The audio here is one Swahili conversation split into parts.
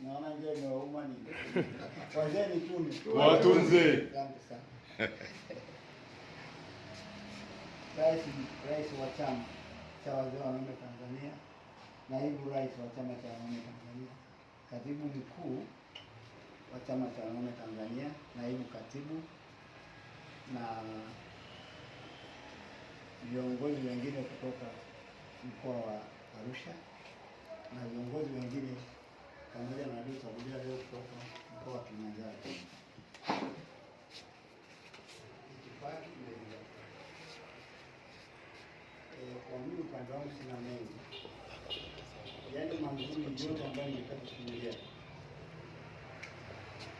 Naona ndio imewauma nini. Wazeni tu watunze. Asante sana. Rais rais wa chama cha wazee wa wanaume Tanzania, naibu rais wa chama cha wanaume Tanzania, katibu mkuu wa chama cha wanaume Tanzania, naibu katibu na viongozi wengine kutoka mkoa wa Arusha na viongozi wengine pamoja na aliyochagulia leo kutoka mkoa wa Kilimanjaro. Eh, kwa mimi upande wangu sina mengi, yaani mazuri yote ambayo nilitaka kusimulia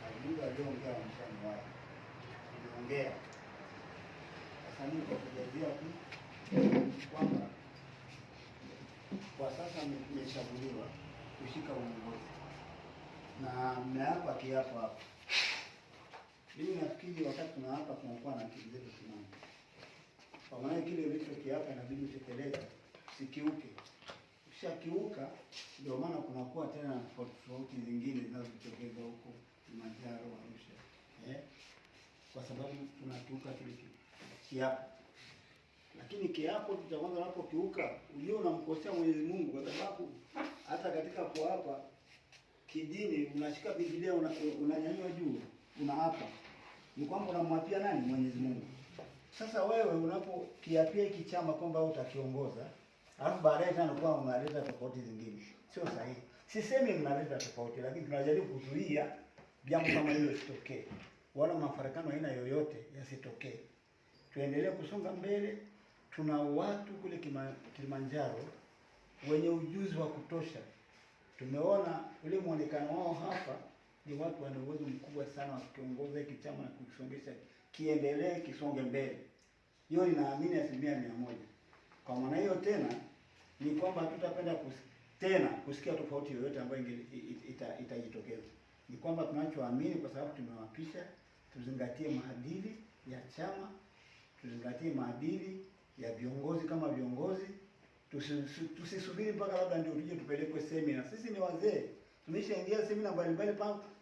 ajuda aliongea mshani wao uliongea sasa, mimi kakujazia tu kwamba kwa sasa nimechaguliwa kushika uongozi na mnaapa kiapo hapo. Mimi nafikiri wakati tunaapa tunakuwa na akili zetu timamu, kwa maana kile ulichokiapa inabidi utekeleze, sikiuke. Ukishakiuka ndio maana kunakuwa tena tofauti zingine zinazotokeza huko Kilimanjaro, Arusha, eh, kwa sababu tunakiuka kile kiapo. Lakini kiapo cha kwanza unapokiuka, ujue unamkosea Mwenyezi Mungu, kwa sababu hata katika kuapa kidini, unashika Biblia unanyanyua una juu unaapa, ni kwamba unamwapia nani? Mwenyezi Mungu. Sasa wewe unapokiapia hiki chama kwamba wewe utakiongoza, alafu baadaye tena unakuwa unaleta tofauti zingine, sio sahihi. Sisemi mnaleta tofauti, lakini tunajaribu kuzuia jambo kama hilo sitokee wala mafarakano aina yoyote yasitokee. Tuendelee kusonga mbele. Tuna watu kule Kilimanjaro wenye ujuzi wa kutosha Tumeona ule mwonekano wao hapa ni watu wana uwezo mkubwa sana wa kukiongoza hiki chama na kukisongesha kiendelee, kisonge mbele. Hiyo ninaamini asilimia mia moja. Kwa maana hiyo tena ni kwamba hatutapenda kus, tena kusikia tofauti yoyote ambayo itajitokeza ita, ita ni kwamba tunachoamini kwa sababu tumewapisha, tuzingatie maadili ya chama, tuzingatie maadili ya viongozi kama viongozi tusisubiri mpaka labda ndio tuje tupelekwe semina. Sisi ni wazee, tumeshaingia semina mbalimbali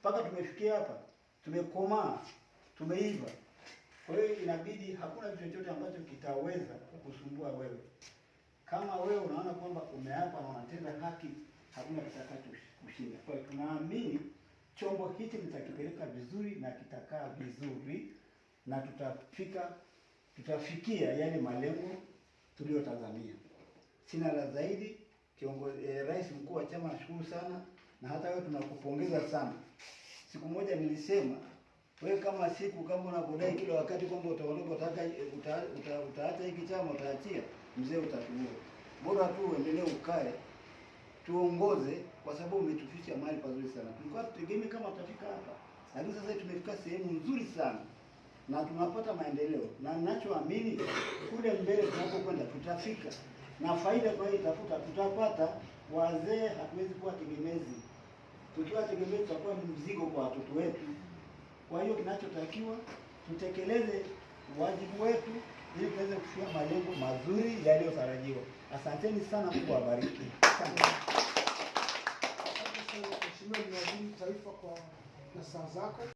mpaka tumefikia hapa, tumekomaa, tumeiva. Kwa hiyo inabidi, hakuna chochote ambacho kitaweza kukusumbua wewe. Kama wewe unaona kwamba umeapa na unatenda haki, hakuna kushinda. Kwa hiyo tunaamini chombo hiki nitakipeleka vizuri na kitakaa vizuri na tutafika, tutafikia yale malengo tuliyotazamia. Sina la zaidi kiongozi, eh, rais mkuu wa chama nashukuru sana, na hata wewe tunakupongeza sana. Siku moja nilisema wewe kama siku kama unakodai kila wakati kwamba utaondoka, utaacha eh, uta, uta, uta hiki chama utaachia, mzee utatuua. Bora tu uendelee ukae tuongoze, kwa sababu umetufikisha mahali pazuri sana. Tulikuwa tutegemea kama tutafika hapa, lakini sasa tumefika sehemu nzuri sana na tunapata maendeleo, na ninachoamini kule mbele tunapokwenda tutafika na faida tafuta tutapata. Wazee hatuwezi kuwa tegemezi, tukiwa tegemezi tutakuwa ni mzigo kwa watoto wetu. Kwa hiyo kinachotakiwa tutekeleze wajibu wetu ili tuweze kufikia malengo mazuri yaliyotarajiwa. Asanteni sana, Mungu awabariki. Mheshimiwa Waziri Taifa, kwa nasaha zako.